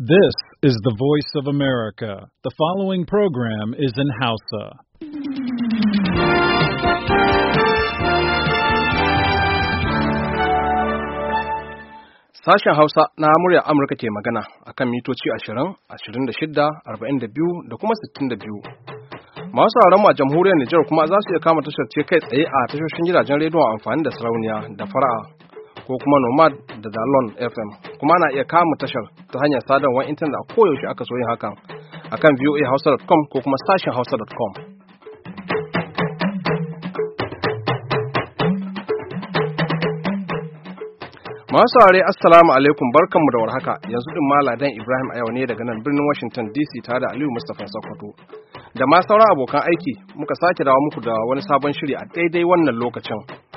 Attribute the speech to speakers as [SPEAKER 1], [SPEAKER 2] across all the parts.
[SPEAKER 1] This is the voice of America. The following program is in Hausa.
[SPEAKER 2] Sashen Hausa na murya Amurka ke magana a kan mitoci 20, 26, 42 da kuma 62. Masu sauraron a jamhuriyar Nijar kuma za su iya kama tashar ce kai tsaye a tashoshin gidajen rediyon amfani da sarauniya da fara'a ko kuma nomad da dalon fm kuma na iya kama tashar ta hanyar sadarwar intanet a koyaushe aka so yin hakan akan voahausa.com ko kuma sashen hausa.com Masu saurare assalamu alaikum barkanmu da warhaka yanzu din dan Ibrahim a ne daga nan birnin Washington DC tare da Aliyu Mustapha Sokoto. Da ma sauran abokan aiki muka sake dawo muku da wani sabon shiri a daidai wannan lokacin.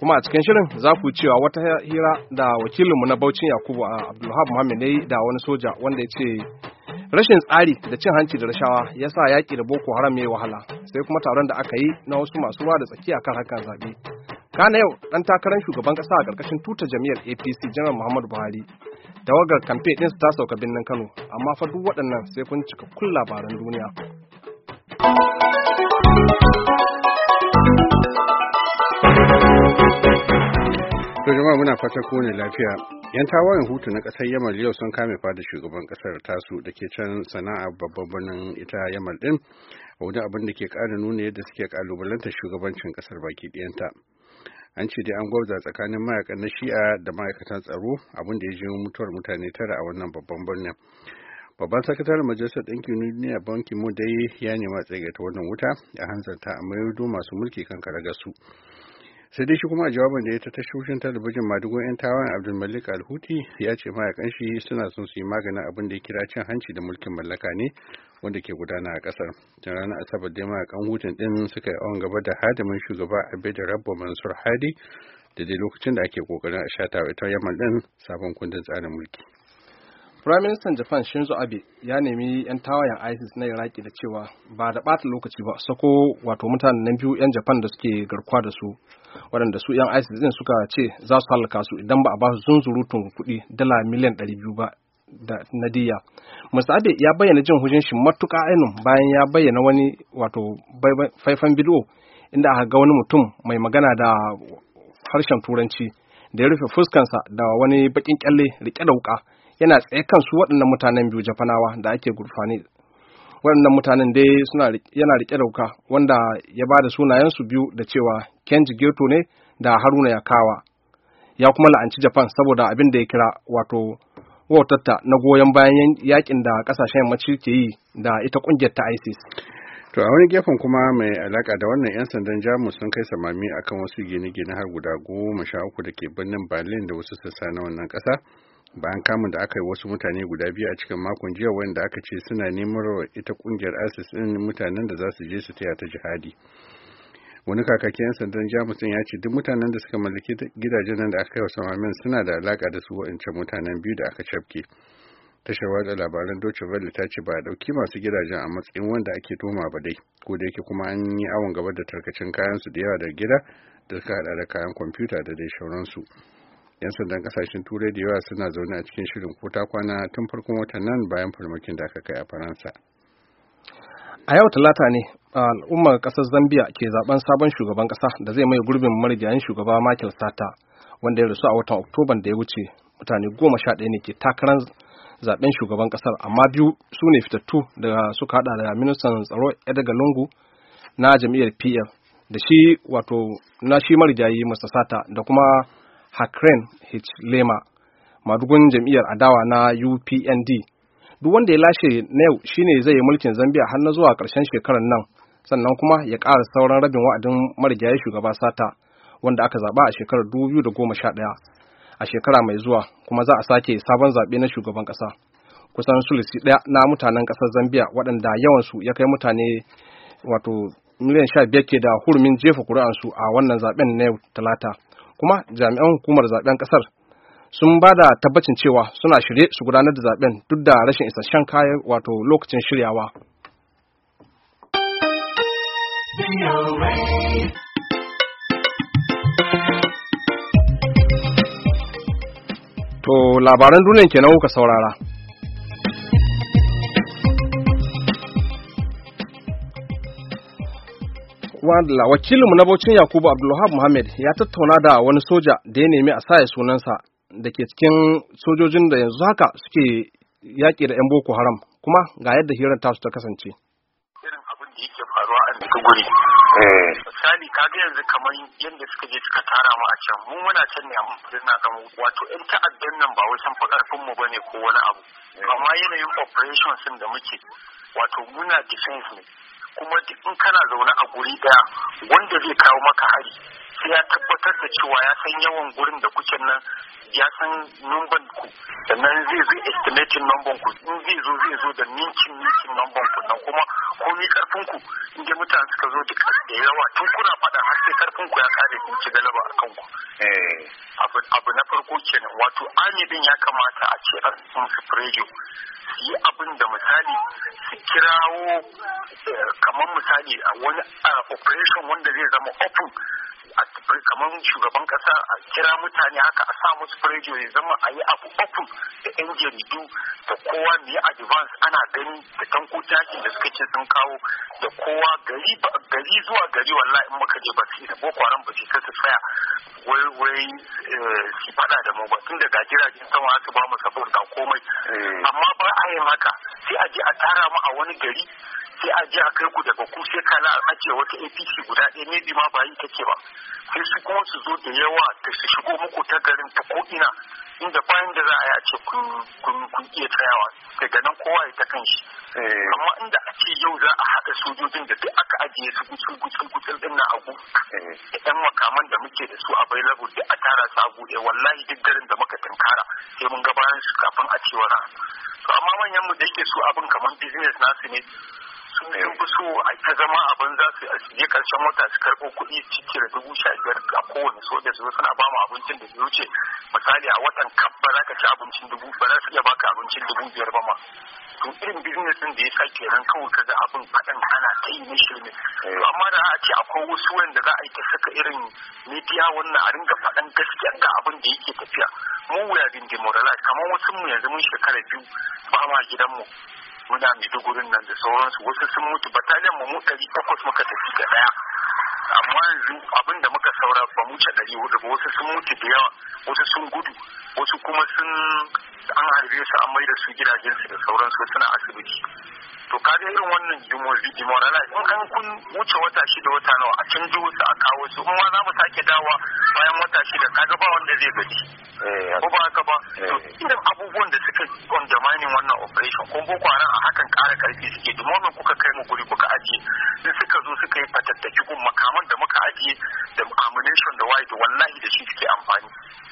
[SPEAKER 2] kuma a cikin shirin za ku cewa wata hira da wakilinmu na Bauchin Yakubu a Abdulhab Muhammad ne da wani soja wanda ya ce rashin tsari da cin hanci da rashawa ya sa yaƙi da Boko Haram ya yi wahala sai kuma taron da aka yi na wasu masu ruwa da tsaki akan harkar zaɓe. Kana yau ɗan takarar shugaban ƙasa a ƙarƙashin tuta jam'iyyar APC Janar Muhammadu Buhari tawagar kamfe ɗin ta sauka birnin Kano amma fa duk waɗannan sai kun cika kun labaran duniya.
[SPEAKER 3] To jama'a muna fatan kowane lafiya. Yan tawayen hutu na kasar Yamal yau sun kame fada shugaban kasar tasu da ke can sana'a babban birnin ita Yamal ɗin. Wani abin da ke kara nuna yadda suke ƙalubalantar shugabancin kasar baki ɗayanta. An ce dai an gwabza tsakanin mayakan na shi'a da ma'aikatan tsaro abin da ya jiyo mutuwar mutane tara a wannan babban birnin. Babban sakataren Majalisar Ɗinkin Duniya Banki Mu dai ya nema tsegata wannan wuta ya hanzarta a mayar masu mulki kan karagar su. sai dai shi kuma a jawabin da ya ta tashoshin talabijin madugo yan tawayen abdulmalik alhuti ya ce mayakan shi suna son su yi maganin abin da ya kira cin hanci da mulkin mallaka ne wanda ke gudana a kasar tun ranar asabar a mayakan hutun din suka yi awon gaba da hadimin shugaba abid rabba mansur hadi da dai lokacin da ake kokarin a shata ita yamman din sabon kundin tsarin mulki
[SPEAKER 2] Prime Minister Japan Shinzo Abe ya nemi 'yan tawayen ISIS na Iraki da cewa ba da bata lokaci ba sako wato mutanen biyu 'yan Japan da suke garkuwa da su waɗanda su 'yan isis din suka ce za su halaka su idan ba a ba su zunzurutun kuɗi dala miliyan ɗari biyu ba da nadiya musaade ya bayyana jin hujin shi matuƙa ainihin bayan ya bayyana wani wato faifan bidiyo inda aka ga wani mutum mai magana da harshen turanci da ya rufe fuskansa da wani baƙin kyalle rike da wuka yana tsaye kan su waɗannan mutanen biyu jafanawa da ake gurfane. waɗannan mutanen dai yana rike da wuka wanda ya ba da sunayensu biyu da cewa Kenji Geto ne da Haruna Yakawa. Ya kuma la'anci Japan saboda abin da ya kira wato wautatta na goyon bayan yakin da kasashen yammaci ke yi da ita kungiyar ta ISIS.
[SPEAKER 3] To a wani gefen kuma mai alaka da wannan 'yan sandan Jamus sun kai samami akan wasu gine-gine har guda goma sha uku da ke birnin Berlin da wasu sassa na wannan ƙasa. Bayan kamun da aka yi wasu mutane guda biyu a cikin makon jiya wanda aka ce suna neman ita kungiyar ISIS ɗin mutanen da za su je su taya ta jihadi. wani kakakin 'yan sandan jamus ya ce duk mutanen da suka mallaki gidajen nan da aka yi wa samamin suna da alaka da su wa'ancan mutanen biyu da aka cafke tashar watsa labaran Deutsche Welle ta ce ba a ɗauki masu gidajen a matsayin wanda ake toma ba dai ko da yake kuma an yi awon gaba da tarkacin kayan su da yawa daga gida da suka hada da kayan kwamfuta da dai sauransu yan sandan kasashen turai da yawa suna zaune a cikin shirin ko ta kwana tun farkon watan nan bayan farmakin da aka kai a faransa
[SPEAKER 2] a yau talata ne al'ummar kasar zambia ke zaben sabon shugaban kasa da zai mai gurbin marigayen shugaba michael sata wanda ya rasu a watan oktoban da ya wuce mutane goma sha ɗaya ne ke takarar zaben shugaban kasar amma biyu su ne fitattu da suka hada da ministan tsaro edgar lungu na jam'iyyar PL, da shi wato na shi marigayi Masa sata da kuma hakren h lema madugun jam'iyyar adawa na upnd duk wanda ya lashe na yau shine zai yi mulkin zambia har na zuwa karshen shekarar nan sannan kuma ya ƙara sauran rabin wa'adin marigayi shugaba sata wanda aka zaɓa a shekarar 2011 a shekara mai zuwa kuma za a sake sabon zaɓe na shugaban ƙasa kusan sulisi ɗaya na mutanen ƙasar zambia waɗanda yawansu ya kai mutane wato miliyan sha biyar ke da hurumin jefa kuri'ansu a wannan zaɓen na yau talata kuma jami'an hukumar zaɓen ƙasar sun ba da tabbacin cewa suna shirye su gudanar da zaɓen duk da rashin isasshen kayan wato lokacin shiryawa. To labaran duniya kenan kuka saurara. wakilinmu na Bauchin Yakubu Abdulwahab Muhammad ya tattauna da wani soja da ya nemi a saya sunansa da ke cikin sojojin da yanzu haka suke yaƙi da 'yan Boko Haram kuma ga yadda hirar tasu ta kasance.
[SPEAKER 4] da yake faruwa a duka guri eh. misali kaga yanzu kamar yadda suka je suka tara mu a can mu muna can ne a mafi na zama wato yan ta'addan nan ba wai san fa karfin mu bane ko wani abu eh. amma yanayin operation din da muke wato muna defense ne kuma in kana zaune a guri daya wanda zai kawo maka hari sai ya tabbatar da cewa ya san yawan gurin da kuke nan ya san numban ku sannan zai zai estimatin numban ku in zai zo zai zo da ninkin ninkin numban ku nan kuma komi karfin ku in dai mutane suka zo duk da yawa tun kuna faɗa har sai karfin ku ya kare kun ci galaba a kanku eh. abu na farko kenan wato din ya kamata a ce an sun su yi abin da misali su kirawo eh, kamar misali a wani operation wanda zai zama open kamar shugaban kasa a kira mutane haka a sa musu ya zama a yi abu uku da yan jaridu da kowa ne advance ana gani da tanko takin da suka ce sun kawo da kowa gari zuwa gari wallahi in muka je ba su da boko haram ba su ta tsaya wai wai eh, su fada da mu ba tun daga jiragen sama su ba mu da komai eh. amma ba a yi haka sai a je a tara mu a wani gari a je a kai ku daga ku sai ka na ajiye wata APC guda ɗaya ne ma ba yi take ba sai su kuma su zo da yawa da su shigo muku ta garin ta ko ina inda bayan da za a ya ce kun iya tsayawa daga nan kowa ya ta kan shi eh. amma inda a ce yau za a haɗa sojojin da duk aka ajiye su gucu gucu gucu din na abu eh. da ɗan makaman da muke da su a bai labu da a tara su a buɗe wallahi duk garin da muka tunkara sai mun gabatar su kafin a ce wani to amma manyan mu da yake su abin kamar business nasu ne su ne so a ta zama abin za su je karshen wata su karɓo kuɗi cike da dubu sha biyar a kowane soja su suna ba mu abincin da wuce misali a watan kabba ba za ka ci abincin dubu ba za su iya baka abincin dubu biyar ba ma to irin business din da ya sake kenan kawai kaga abin kaɗan ana ta yi mishi ne amma da a ce akwai wasu wanda za a yi ta saka irin media wannan a ringa faɗan gaskiya ga abin da yake tafiya mu wuya bin demoralize kamar wasu mu yanzu mun shekara biyu ba ma mu. muna gurin nan da sauransu wasu sun mutu batalyan mu mu ɗari takwas muka tafi da ɗaya amma yanzu abin da muka saura ba mu ce ɗari hudu ba wasu sun mutu da yawa wasu sun gudu wasu kuma sun an harbe su an da su gidajensu da sauransu suna asibiti to ka ga irin wannan demoralize in an kun wuce wata shida wata nawa a canji wasu a kawo su in ma za mu sake dawa bayan wata shida ka ga ba wanda zai gaji eh, ko ba haka ba to irin eh. abubuwan da suka undermining wannan operation ko boko haram a hakan ƙara ƙarfi suke dumomin kuka kai mu guri kuka ajiye sai suka zo suka yi fatattaki gun makaman da muka ajiye da ammunition da waye wallahi da shi suke amfani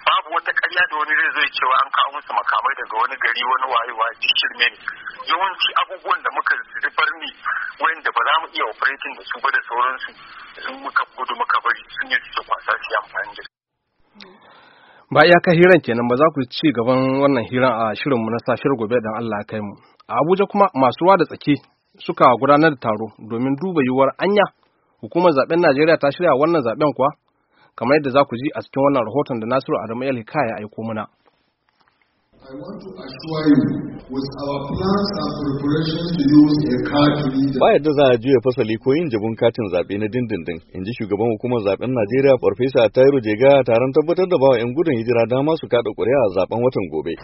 [SPEAKER 4] babu wata ƙarya da wani zai zo cewa an kawo musu makamai daga wani gari wani waye waye shirme ne yawanci abubuwan da muka muka zubar ne wanda ba za mu iya operating da su ba da sauransu sun muka gudu muka bari sun yi su kwasa su amfani da
[SPEAKER 2] ba iyaka hiran kenan ba za ku ci gaban wannan hiran a shirinmu na safiyar gobe dan Allah ya kai mu a Abuja kuma masu ruwa da tsaki suka gudanar da taro domin duba yiwuwar anya hukumar zaben Najeriya ta shirya wannan zaben kuwa kamar yadda za ku ji a cikin wannan rahoton da Nasiru Adamu yalhika ya aiko mana.
[SPEAKER 5] I want to assure you, with our plans and preparations to use a car to lead
[SPEAKER 6] Ba yadda za a juya fasali ko yin jabun katin zaɓe na dindindin, in ji shugaban hukumar zaɓen Najeriya Farfesa Tairu Jega taron tabbatar da bawa 'yan gudun hijira dama su kaɗa ƙuri'a a zaɓen watan gobe.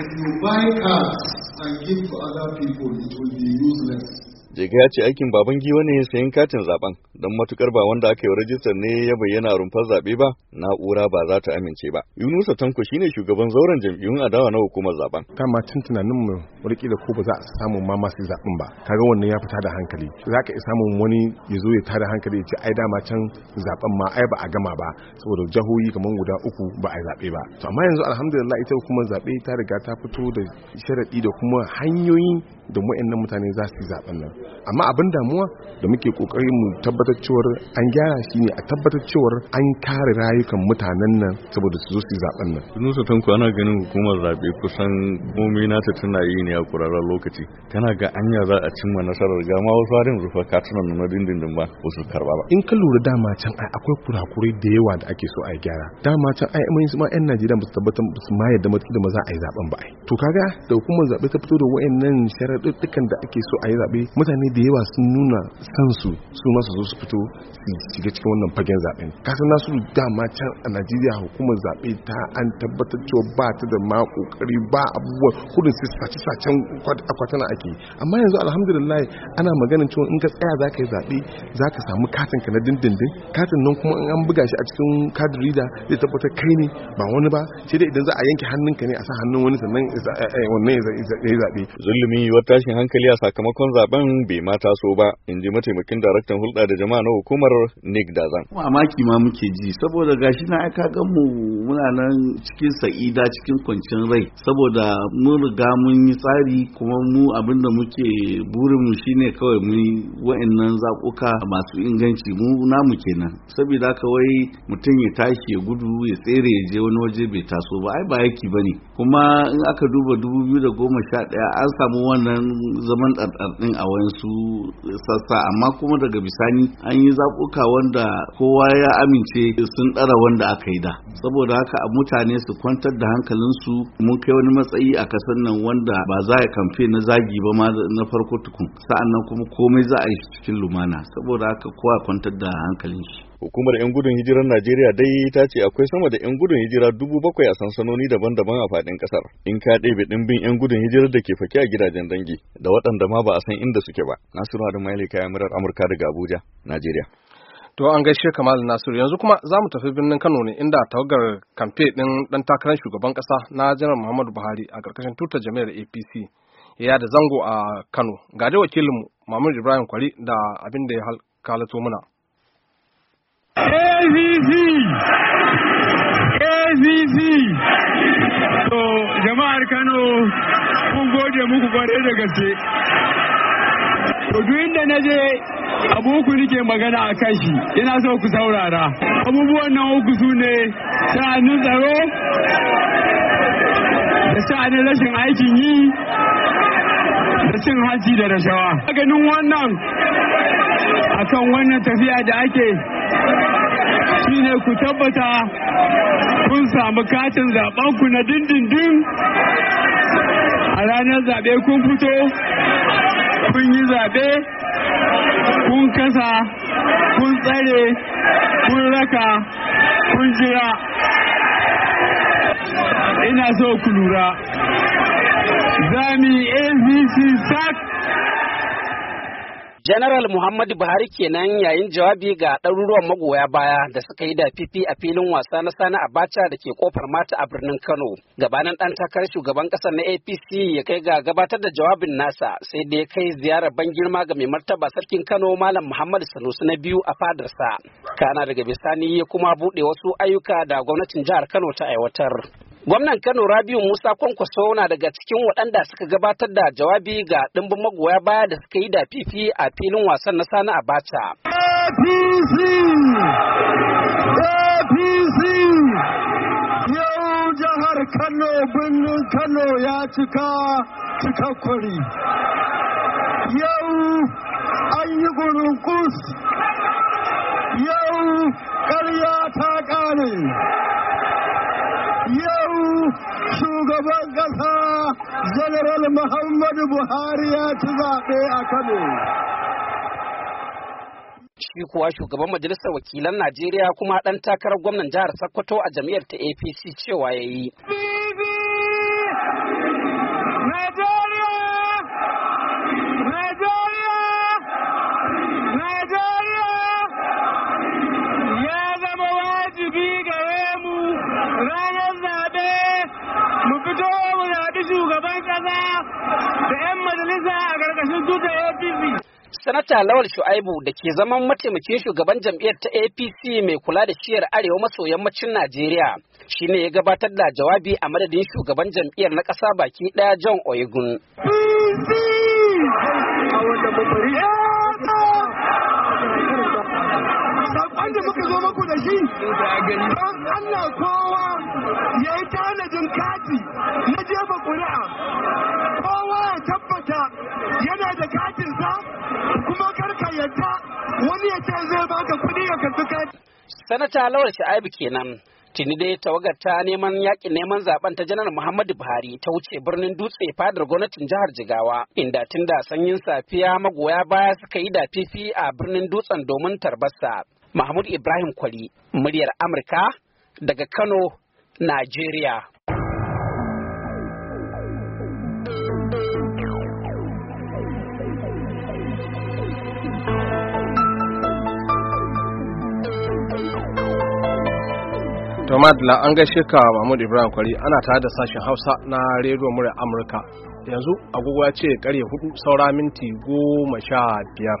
[SPEAKER 5] If you buy cars and give to other people, it will be useless.
[SPEAKER 6] Jega ya ce aikin baban giwa ne sayan katin zaben don matukar ba wanda aka yi rajistar ne ya bayyana rumfar zaɓe ba na'ura ba za ta amince ba. Yunusa Tanko shine shugaban zauren jam'iyyun adawa na hukumar zaben. Kama tun tunanin mu warki da ko ba za a samu ma masu zaben ba. ga wannan ya fita da hankali. Za ka iya samun wani ya zo ya tada hankali ya ce ai dama can zaben ma ai ba a gama ba saboda jahohi kamar guda uku ba a zaɓe ba. To amma yanzu alhamdulillah ita hukumar zaɓe ta riga ta fito da sharaɗi da kuma hanyoyin da mu'annan mutane za su yi zaɓen nan. amma abin damuwa da muke kokari mu tabbatar cewar an gyara shi ne a tabbatar cewar an kare rayukan mutanen nan saboda su zo su zaben nan nusa tanku ana ganin hukumar zabe kusan komai nata tana yi ne a kurarren lokaci tana ga anya za a cimma nasarar ga ma wasu harin rufa katunan na dindindin ba wasu karba ba in ka lura dama can ai akwai kurakurai da yawa da ake so a gyara dama can ai mun ma yan Najeriya ba su tabbatar ba su ma yadda mata da maza a yi zaben ba ai to kaga da hukumar zabe ta fito da wayannan sharaɗuɗɗukan da ake so a yi zabe mutane mutane da yawa sun nuna sansu su masu zo su fito su shiga cikin wannan fagen zaben kasan nasu dama can a najeriya hukumar zaɓe ta an tabbatar cewa ba ta da ma kokari ba abubuwan kudin su sace sacen akwatana ake amma yanzu alhamdulillah ana maganin cewa in ka tsaya za ka yi zaɓe za ka samu katin ka na dindindin katin nan kuma an buga shi a cikin kadirida reader zai tabbatar kai ne ba wani ba sai dai idan za a yanke ka ne a sa hannun wani sannan eh, eh, wannan ya zaɓe zulumi wa tashin hankali a sakamakon zaben bai ma taso ba in ji mataimakin daraktan hulɗa da jama'a na hukumar nick dazan mamaki ma muke ji saboda gashi na aika gan mu muna nan cikin sa'ida cikin kwanciyar rai saboda mun riga mun yi tsari kuma mu abin da muke burin mu shine kawai mu wa'annan zakuka masu inganci mu namu kenan saboda kawai mutum ya tashi ya gudu ya tsere ya je wani waje bai taso ba ai ba yaki bane kuma in aka duba 2011 an samu wannan zaman ɗanɗan a wani su sassa
[SPEAKER 7] amma kuma daga bisani an yi zaɓuka wanda kowa ya amince sun ɗara wanda aka yi da saboda haka a mutane su kwantar da hankalinsu mun kai wani matsayi a kasar nan wanda ba za a kamfe na zagi ba ma na farko tukun sa'annan kuma komai za a yi cikin lumana saboda haka kowa kwantar da hankalin shi
[SPEAKER 6] Hukumar 'yan gudun hijirar Najeriya dai ta ce akwai sama da 'yan gudun hijira dubu bakwai a sansanoni daban-daban a faɗin ƙasar. In ka ɗebe ɗimbin 'yan gudun hijirar da ke fake a gidajen dangi da waɗanda ma ba a san inda suke ba. Nasiru Adamaili kayan murar Amurka daga Abuja, Najeriya.
[SPEAKER 2] To an gaishe Kamal Nasiru yanzu kuma za mu tafi birnin Kano ne inda tawagar kamfe ɗin ɗan takarar shugaban ƙasa na Janar Muhammadu Buhari a ƙarƙashin tutar jami'ar APC ya da zango a Kano. Ga dai wakilinmu Mahmud Ibrahim Kwari da abin da ya kalato muna.
[SPEAKER 5] ACC ACC to jama'ar Kano
[SPEAKER 8] kun gode muku kwarai da gaske to duk inda na je abuku nike magana a kan shi ina so ku saurara abubuwan nan uku su ne sha'anin tsaro da sha'anin rashin aikin yi da cin hanci da rashawa ganin wannan akan wannan tafiya da ake shine ku tabbata kun samu katin ku na dindindin a ranar zaɓe kun fito kun yi zaɓe kun kasa kun tsare kun raka kun jira
[SPEAKER 1] ina so ku lura za mu yi acc sac General Muhammadu Buhari kenan yayin jawabi ga ɗaruruwan magoya baya da suka yi da fifi a filin wasa na Sani Abacha da ke kofar mata a birnin Kano. Gabanin ɗan takarar shugaban ƙasar na APC ya kai ga gabatar da jawabin nasa sai da ya kai ziyarar ban girma ga mai martaba sarkin Kano Malam Muhammadu Sanusi na biyu a fadarsa. Kana daga bisani ya kuma buɗe wasu ayyuka da gwamnatin jihar Kano ta aiwatar. Gwamnan Kano Rabiu Musa Kwankwaso na daga cikin waɗanda suka gabatar da jawabi ga ɗimbin magoya baya da suka yi da fifi a filin wasan na Sani Abacha. APC! APC! Yau jihar Kano birnin Kano ya cika
[SPEAKER 5] cikakkuri. Yau an yi kus. Yau karya ta ƙare. shugaban ƙasa general muhammadu buhari ya ci zaɓe a kano
[SPEAKER 1] shi kuwa shugaban majalisar wakilan najeriya kuma ɗan takarar gwamnan jihar sokoto a jam'iyyar ta apc cewa ya yi
[SPEAKER 5] najeriya majalisa a ƙarƙashin tutar APC.
[SPEAKER 1] Sanata Lawal Shu'aibu da ke zaman mataimakin shugaban jam'iyyar ta APC mai kula da shiyar Arewa maso yammacin Najeriya shi ne ya gabatar da jawabi a madadin shugaban jam'iyyar na ƙasa baki ɗaya John Oyegun.
[SPEAKER 5] muka Allah kowa ya yi tanajin kati na jefa ƙuri'a kowa ya tabbata yana da katinsa kuma karka yadda wani ya ce zai baka kuɗi ya kasu kati.
[SPEAKER 1] sanata lawal sha'abi kenan tuni dai tawagar ta neman yakin neman zaben ta janar muhammadu buhari ta wuce birnin dutse fadar gwamnatin jihar jigawa inda tun da sanyin safiya magoya baya suka yi da fifi a birnin dutsen domin tarbasa. mahmud ibrahim kwali muryar amurka daga kano Najeriya. da
[SPEAKER 2] an gaishe ka Mahmud Ibrahim Kwari ana tare da sashen Hausa na rediyo murya Amurka. Yanzu agogo ya ce karye hudu saura minti goma sha biyar.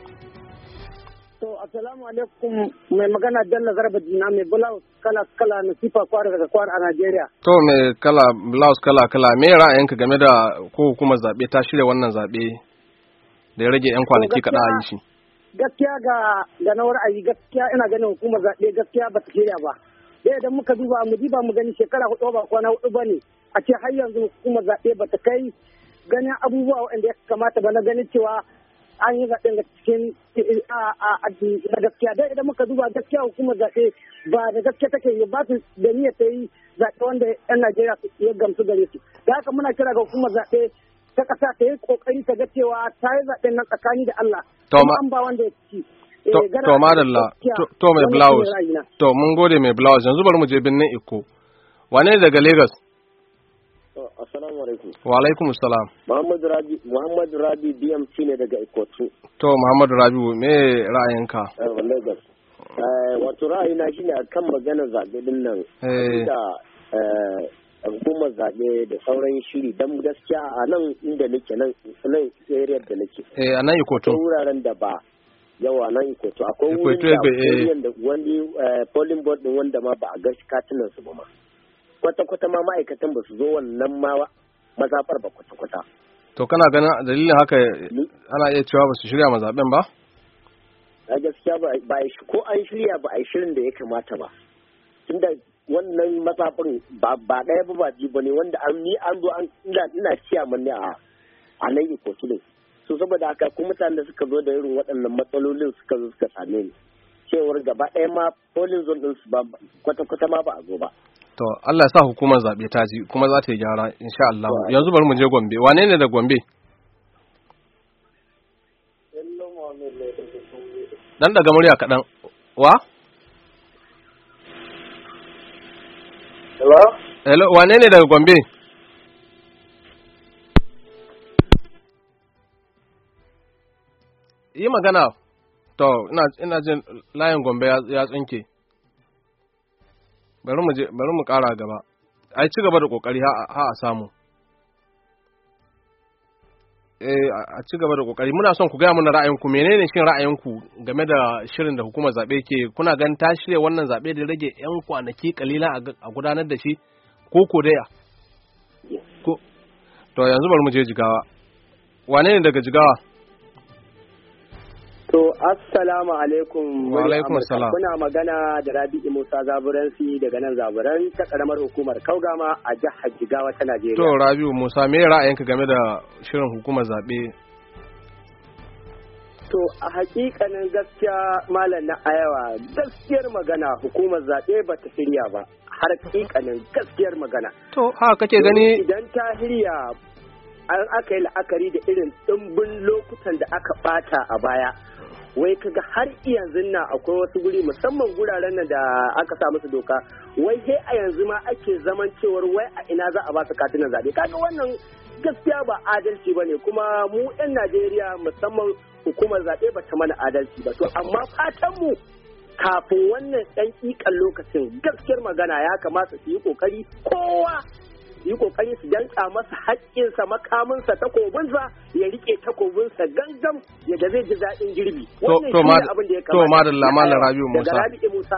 [SPEAKER 8] alaikum mai magana Bello zarba Dina mai blouse kala kala na sifa kwara daga kwara a Najeriya.
[SPEAKER 2] To mai kala blouse kala kala me ra'ayinka game da ko kuma zaɓe ta shirya wannan zaɓe da ya rage 'yan kwanaki kaɗan a shi?
[SPEAKER 8] Gaskiya ga ga na ra'ayi gaskiya ina ganin hukumar zaɓe gaskiya ba ta shirya ba. Da idan muka duba mu diba mu gani shekara hudu ba kwana hudu ba ne a ce har yanzu hukumar zaɓe ba ta kai ganin abubuwa waɗanda ya kamata ba na ganin cewa an yi zaɓen da cikin da gaskiya dai idan muka duba gaskiya hukumar zaɓe ba da gaskiya take yi ba su da niyyar ta yi zaɓe wanda 'yan Najeriya ya gamsu gare su da haka muna kira ga hukumar zaɓe ta ƙasa ta yi ƙoƙari ta ga cewa ta yi zaɓen nan tsakani da Allah. Toma. An ba wanda ya ci.
[SPEAKER 2] To eh, madalla, to mai blouse, to mun gode mai blouse yanzu bari mu je birnin Iko. Wane daga Lagos? Wa alaikum salam.
[SPEAKER 8] Muhammadu Rabi Muhammadu Rabi DMC ne daga Ikotu.
[SPEAKER 2] To Muhammadu Rabi me ra'ayinka? Eh,
[SPEAKER 8] Lagos. Eh, wato ra'ayina shine kan magana zaɓe din nan. Eh. Da hukumar zaɓe da sauran shiri don gaskiya a nan inda nake nan nan area da nake.
[SPEAKER 2] Eh a nan Ikoto.
[SPEAKER 8] Wuraren da ba yawa nan Ikotu akwai wurin da wani polling board din wanda ma ba a gashi su ba ma. kwata-kwata ma ma'aikatan ba su zo wannan ma mazaɓar ba kwata-kwata.
[SPEAKER 2] To kana ganin dalilin haka ana iya cewa ba su shirya mazaɓen ba?
[SPEAKER 8] A gaskiya ba ko an shirya ba a yi shirin da ya kamata ba. Tunda wannan mazaɓin ba ɗaya ba ba biyu ba ne wanda an ni an zo an ina ciyaman mani a a nan ne. So saboda haka kuma mutane da suka zo da irin waɗannan matsalolin suka zo suka same ni. Cewar gaba ɗaya ma polin zon ɗinsu ba kwata-kwata ma ba a zo ba.
[SPEAKER 2] To Allah ya sa hukumar zaɓe ta ji kuma za ta yi gyara insha Allah. Yanzu bari mu je Gombe. Wane ne da Gombe? Dan daga murya kaɗan. Wa? Hello? Hello, wane ne daga Gombe? Yi magana. To, ina jin layin Gombe ya tsinke. bari mu bari mu ƙara gaba ai ci gaba da kokari ha a samu eh a ci gaba da kokari muna son ku gaya mana ra'ayinku menene shin ra'ayinku game da shirin da hukumar zabe ke kuna gan ta shirya wannan zabe da rage yan kwanaki kalila a gudanar da shi ko ko daya ko to yanzu bari mu je jigawa wane ne daga jigawa
[SPEAKER 8] To, assalamu alaikum. Wa alaikum salam. Kuna magana da Rabi'u Musa Zaburansi daga nan Zaburan ta karamar hukumar Kaugama a jihar Jigawa ta Najeriya. To,
[SPEAKER 2] Rabi'u Musa, me ra'ayinka game da shirin hukumar zaɓe?
[SPEAKER 8] To, a hakikanin gaskiya malam na ayawa gaskiyar magana hukumar zaɓe ba ta shirya ba. Har hakikanin gaskiyar magana.
[SPEAKER 1] To, haka kake gani?
[SPEAKER 8] Idan ta shirya an aka yi la'akari da irin ɗimbin lokutan da aka ɓata a baya wai kaga har yanzu na akwai wasu guri musamman guraren da aka sa musu doka wai sai a yanzu ma ake zaman cewar wai a ina za a ba su katunan zaɓe kaga wannan gaskiya ba adalci ba ne kuma mu 'yan najeriya musamman hukumar zaɓe ba ta mana adalci ba to amma fatan mu kafin wannan ɗan ikan lokacin gaskiyar magana ya kamata su yi kokari kowa yi kokari su danka masa haƙƙinsa makaminsa takobinsa ya rike takobinsa gangan. yadda zai ji daɗin girbi da to rabiu
[SPEAKER 5] musa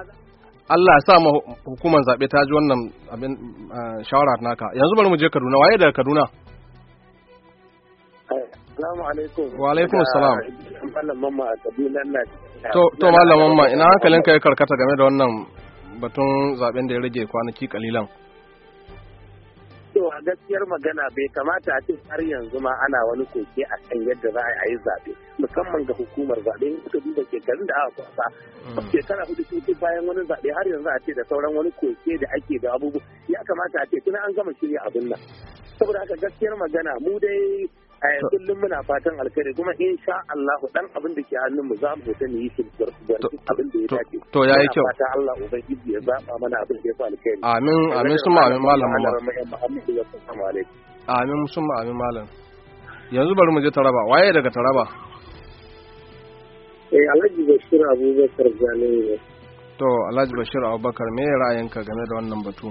[SPEAKER 2] Allah sa ma hukumar zaɓe ta ji wannan abin eh, shawara naka yanzu bari mu je Kaduna waye daga Kaduna
[SPEAKER 8] eh, Assalamu alaikum. Wa alaikum assalam. mamma a To to mamma ina hankalin
[SPEAKER 2] yi karkata game da wannan batun zaben da ya rage kwanaki kalilan.
[SPEAKER 8] to a gaskiyar magana bai kamata a ce har yanzu ma ana wani koke a kan yadda za a yi zaɓe musamman ga hukumar zaɓe in suka duba shekarun da aka kwasa hmm. shekara hudu tutu bayan wani zaɓe har yanzu a ce da sauran wani koke da ake da abubuwa ya kamata a ce tuna an gama shirya abin nan saboda haka gaskiyar magana mu dai kullum muna fatan alkhairi kuma in sha Allah dan abin da ke hannun mu
[SPEAKER 4] za mu fita ne yi abin da ya dace to ya yi kyau fata Allah ubangiji ya zaba mana abin da ya fi alkhairi amin amin sun amin malam
[SPEAKER 2] amin sun amin malam yanzu bari mu je taraba waye daga taraba
[SPEAKER 8] eh Alhaji Bashir Abubakar Jalil
[SPEAKER 2] to Alhaji Bashir Abubakar me ra'ayinka game da wannan batu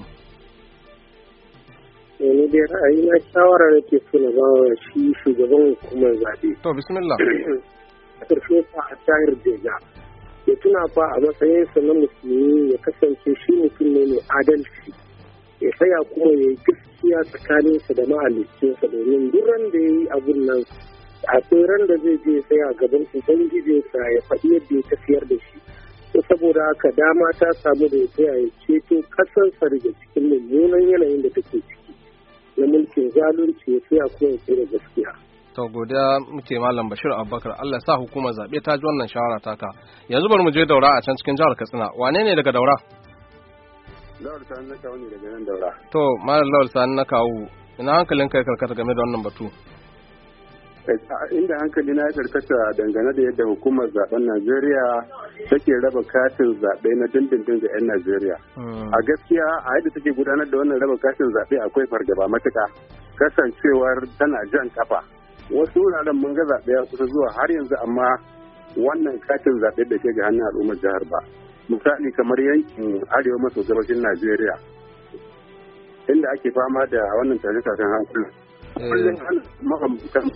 [SPEAKER 8] Na dai ra'ayi na shawara da ke na ba wa shi shugaban hukumar zaɓe. To bismillah. Karfe fa a tayar jega Ya tuna fa a matsayinsa na musulmi ya kasance shi mutum ne mai adalci. Ya saya kuma ya yi gaskiya tsakaninsa da mahaliccinsa domin duran da ya yi abun nan akwai ran da zai je saya gaban ubangijinsa ya faɗi yadda ya tafiyar da shi. saboda haka dama ta samu da ya tsaya ya ceto kasansa daga cikin mummunan yanayin da take ciki. na mulkin zalunci ya fiya
[SPEAKER 2] ko ya da gaskiya to godiya muke malam bashir abubakar allah sa hukumar zaɓe ta ji wannan shawara taka yanzu bari mu je daura a can cikin jihar katsina wane ne daga daura
[SPEAKER 3] lawal sani na kawo ne daga nan daura
[SPEAKER 2] to malam lawal sani na kawo ina hankalin kai karkata game da wannan
[SPEAKER 4] batu
[SPEAKER 3] inda hankali na ya karkata dangane da yadda hukumar zaben najeriya take raba katin zaɓe na dindindin ga 'yan najeriya hmm. a gaskiya a yadda take gudanar da wannan raba katin zaɓe akwai fargaba matuka kasancewar tana jan kafa wasu wuraren mun ga zaɓe kusa zuwa har yanzu amma wannan katin zaɓe da ke ga hannun al'ummar jihar ba misali kamar yankin arewa maso gabashin najeriya inda ake fama da wannan tashe-tashen hankula kullum an mahamtan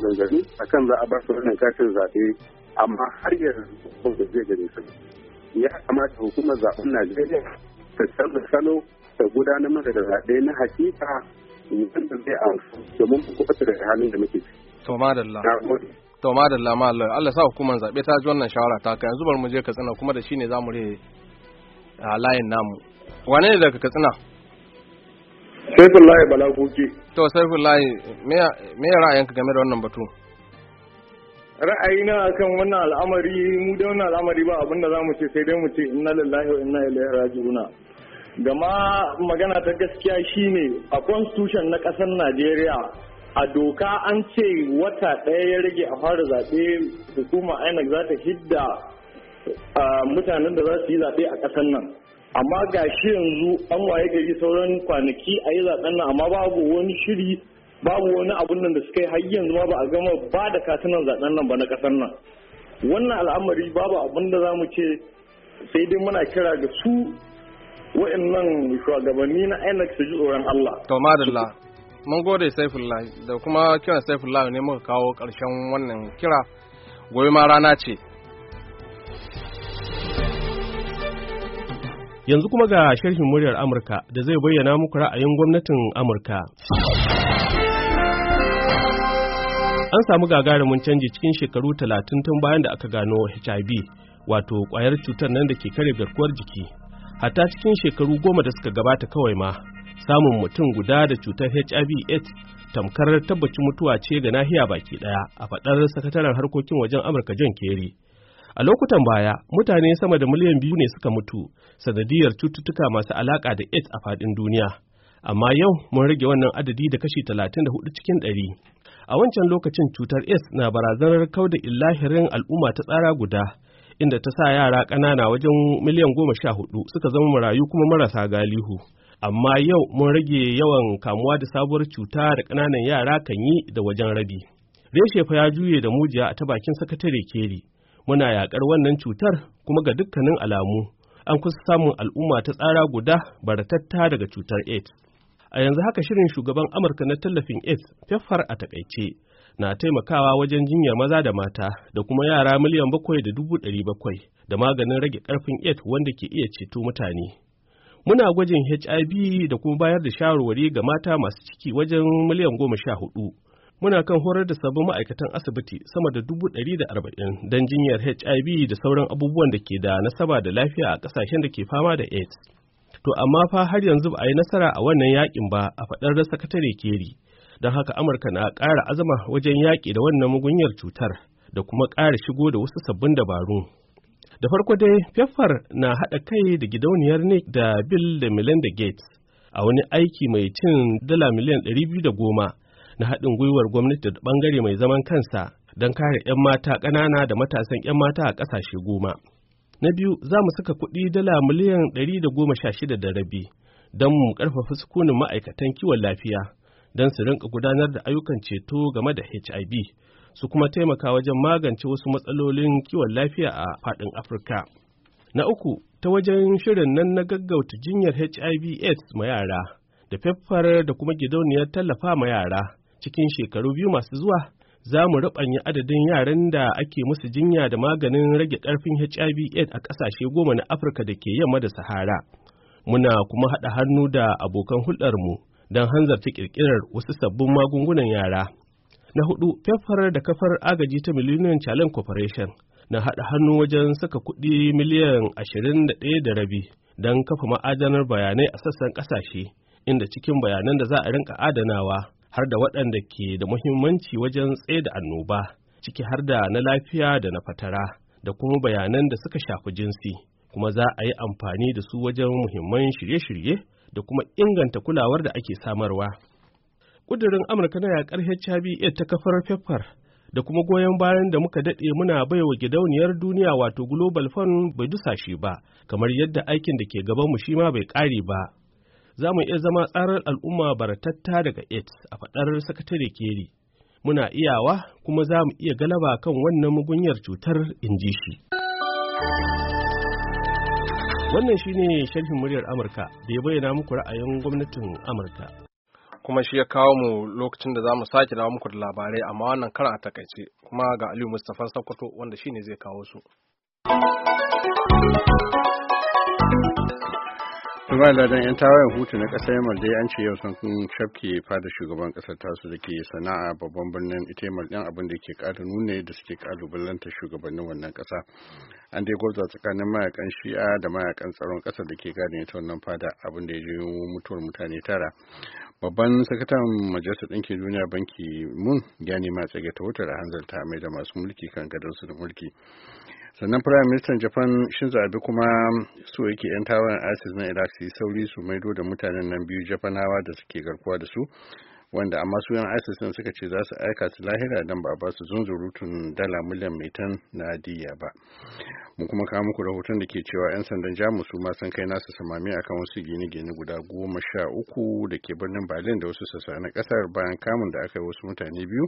[SPEAKER 3] a kan za a ba su wannan katin zaɓe amma har yanzu
[SPEAKER 8] ba da zai gare su ya kamata hukumar zaɓen najeriya ta canza salo ta gudanar masa da zaɓe na hakika wanda zai amsu domin kuɓuta daga
[SPEAKER 2] halin da muke to madalla to madalla mallam Allah sa hukumar zaɓe ta ji wannan shawara ta kai yanzu bar mu je Katsina kuma da shine zamu re a layin namu wane ne daga Katsina
[SPEAKER 4] Saifullahi Balagoge
[SPEAKER 2] to saifullahi me ya ra'ayinka game da wannan batu
[SPEAKER 4] ra'ayina kan wannan al'amari mu da wannan al'amari ba abin da mu ce sai dai mu ce inna lillahi wa inna ilaihi raji'una gama magana ta gaskiya shine a constitution na ƙasar Najeriya a doka an ce wata ɗaya ya rage a fara zaɓe hukuma INEC za ta hidda ah, mutanen da za su yi zaɓe a ƙasar nan amma ga shi yanzu an waye gari sauran kwanaki a yi zaben nan amma babu wani shiri babu wani abun nan da suka yi har yanzu ba a gama ba da katunan zaben nan ba na kasar nan wannan al'amari babu abun da za mu ce sai dai muna kira ga su wa'annan shugabanni na INEC su ji tsoron Allah.
[SPEAKER 2] To madalla mun gode Saifullah da kuma kiran Saifullah ne muka kawo ƙarshen wannan kira gobe ma rana ce.
[SPEAKER 7] Yanzu kuma ga sharhin muryar Amurka da zai bayyana muku ra'ayin gwamnatin Amurka. An samu gagarumin canji cikin shekaru talatin tun bayan da aka gano HIV, wato ƙwayar cutar nan da ke kare garkuwar jiki. hata cikin shekaru goma da suka gabata kawai ma, samun mutum guda da cutar HIV AIDS tamkar tabbacin mutuwa ce ga nahiya baki ɗaya a faɗar sakataren harkokin wajen Amurka John Kerry. A lokutan baya, mutane sama da miliyan biyu ne suka mutu sanadiyar cututtuka masu alaƙa da AIDS a faɗin duniya. Amma yau mun rage wannan adadi da kashi talatin da hudu cikin ɗari. A wancan lokacin cutar AIDS na barazanar kau da illahirin al'umma ta tsara guda, inda ta sa yara ƙanana wajen miliyan goma sha hudu suka zama marayu kuma marasa galihu. amma yau mun rage yawan kamuwa da sabuwar cuta da ƙananan yara kan yi da wajen rabi. Reshefa ya juye da mujiya a ta bakin sakatare Keri, muna yaƙar wannan cutar kuma ga dukkanin alamu an kusa samun al'umma ta tsara guda baratatta daga cutar AIDS. A yanzu haka shirin shugaban Amurka na tallafin AIDS feffar a takaice na taimakawa wajen jinyar maza da mata da kuma yara miliyan bakwai da dubu ɗari bakwai da maganin rage ƙarfin AIDS wanda ke iya ceto mutane. Muna gwajin HIV da kuma bayar da shawarwari ga mata masu ciki wajen miliyan goma sha hudu muna kan horar da sabbin ma'aikatan asibiti sama da dubu ɗari da arba'in don jinyar HIV da sauran abubuwan da ke da nasaba da lafiya a ƙasashen da ke fama da AIDS. To amma fa har yanzu ba a yi nasara a wannan yakin ba a faɗar da sakatare Keri. Don haka Amurka na ƙara azama wajen yaƙi da wannan mugunyar cutar da kuma ƙara shigo da wasu sabbin dabaru. Da farko dai, Feffar na haɗa kai da gidauniyar ne da Bill da Melinda Gates a wani aiki mai cin dala miliyan ɗari biyu da goma na haɗin gwiwar gwamnati da ɓangare mai zaman kansa don kare 'yan mata ƙanana da matasan 'yan mata a ƙasashe goma. Na biyu za mu saka kuɗi dala miliyan ɗari da goma sha shida da rabi don mu ƙarfafa sukunin ma'aikatan kiwon lafiya don su rinka gudanar da ayyukan ceto game da HIV su kuma taimaka wajen magance wasu matsalolin kiwon lafiya a faɗin Afirka. Na uku ta wajen shirin nan na gaggauta jinyar HIV AIDS ma yara da feffar da kuma gidauniyar tallafa ma yara cikin shekaru biyu masu zuwa za mu rubanya adadin yaran da ake musu jinya da maganin rage ƙarfin hiv aids a ƙasashe goma na afirka da ke yamma da sahara muna kuma haɗa hannu da abokan hulɗarmu don hanzarta ƙirƙirar wasu sabbin magungunan yara na hudu fefar da kafar agaji ta millennium challenge corporation na haɗa hannu wajen saka kuɗi miliyan ashirin da ɗaya da rabi don kafa ma'adanar bayanai a sassan ƙasashe inda cikin bayanan da za a rinka adanawa har da waɗanda ke da muhimmanci wajen tsaye da annoba ciki har da na lafiya da na fatara da kuma bayanan da suka shafi jinsi kuma za a yi amfani da su wajen muhimman shirye-shirye da kuma inganta kulawar da ake samarwa. Ƙudurin Amurka na yaƙar HIV ta kafar fefar da kuma goyon bayan da muka daɗe muna bai wa gidauniyar duniya wato Global Fund bai dusa shi ba, kamar yadda aikin da ke gabanmu shi ma bai ƙare ba. za mu iya zama tsarar al'umma baratatta daga AIDS a faɗar sakatare Keri. Muna iyawa kuma za mu iya galaba kan wannan mugunyar cutar in ji shi. Wannan shi ne sharhin muryar Amurka da ya bayyana muku ra'ayin gwamnatin Amurka.
[SPEAKER 2] Kuma shi ya kawo mu lokacin da za mu sake dawo muku da labarai amma wannan karan a takaice kuma ga Aliyu Mustapha Sokoto wanda shi ne zai kawo su.
[SPEAKER 3] Tuma ladan 'yan tawayen hutu na ƙasar Yamal dai an ce yau sun shafke fada shugaban ƙasar tasu da ke sana'a babban birnin ita Yamal ɗin abin da ke ƙara nuna da suke ƙalubalanta shugabannin wannan ƙasa. An dai gwabza tsakanin mayakan shi'a da mayakan tsaron ƙasar da ke gadin ita wannan fada abin da ya je mutuwar mutane tara. Babban sakataren majalisar ɗinkin duniya banki mun Gani nema tsage ta wutar a hanzarta mai da masu mulki kan su da mulki. sannan prime minister japan shinzo abe kuma su yake yan tawayen isis na iraq su yi sauri su maido da mutanen nan biyu japanawa da suke garkuwa da su wanda amma su yan isis din suka ce za su aika su lahira don ba a ba su zunzurutun dala miliyan mai tan na diya ba mu kuma kawo muku rahoton da ke cewa yan sandan jamus su ma sun kai nasu samami a kan wasu gine-gine guda goma sha uku da ke birnin berlin da wasu sassa na kasar bayan kamun da aka yi wasu mutane biyu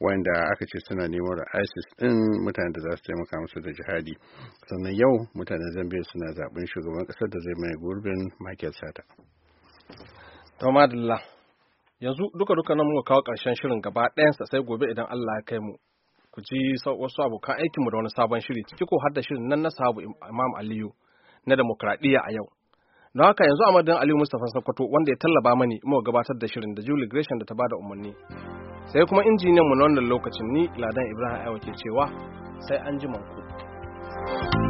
[SPEAKER 3] wanda aka ce suna neman isis din mutane da za su taimaka musu da jihadi sannan yau mutanen zambia suna zaben shugaban kasar da zai mai gurbin michael sata
[SPEAKER 2] to madalla yanzu duka duka nan muka kawo karshen shirin gaba ɗayansa sai gobe idan allah ya kai mu ku ji wasu abokan mu da wani sabon shiri ciki ko har da shirin nan na sabu imam aliyu na demokradiyya a yau don haka yanzu a madadin aliyu mustapha sokoto wanda ya tallaba mani muka gabatar da shirin da julie gresham da ta bada umarni sai kuma injiniyan mu na wannan lokacin ni ladan ibrahim aiwa ke cewa sai an ji manku. thank you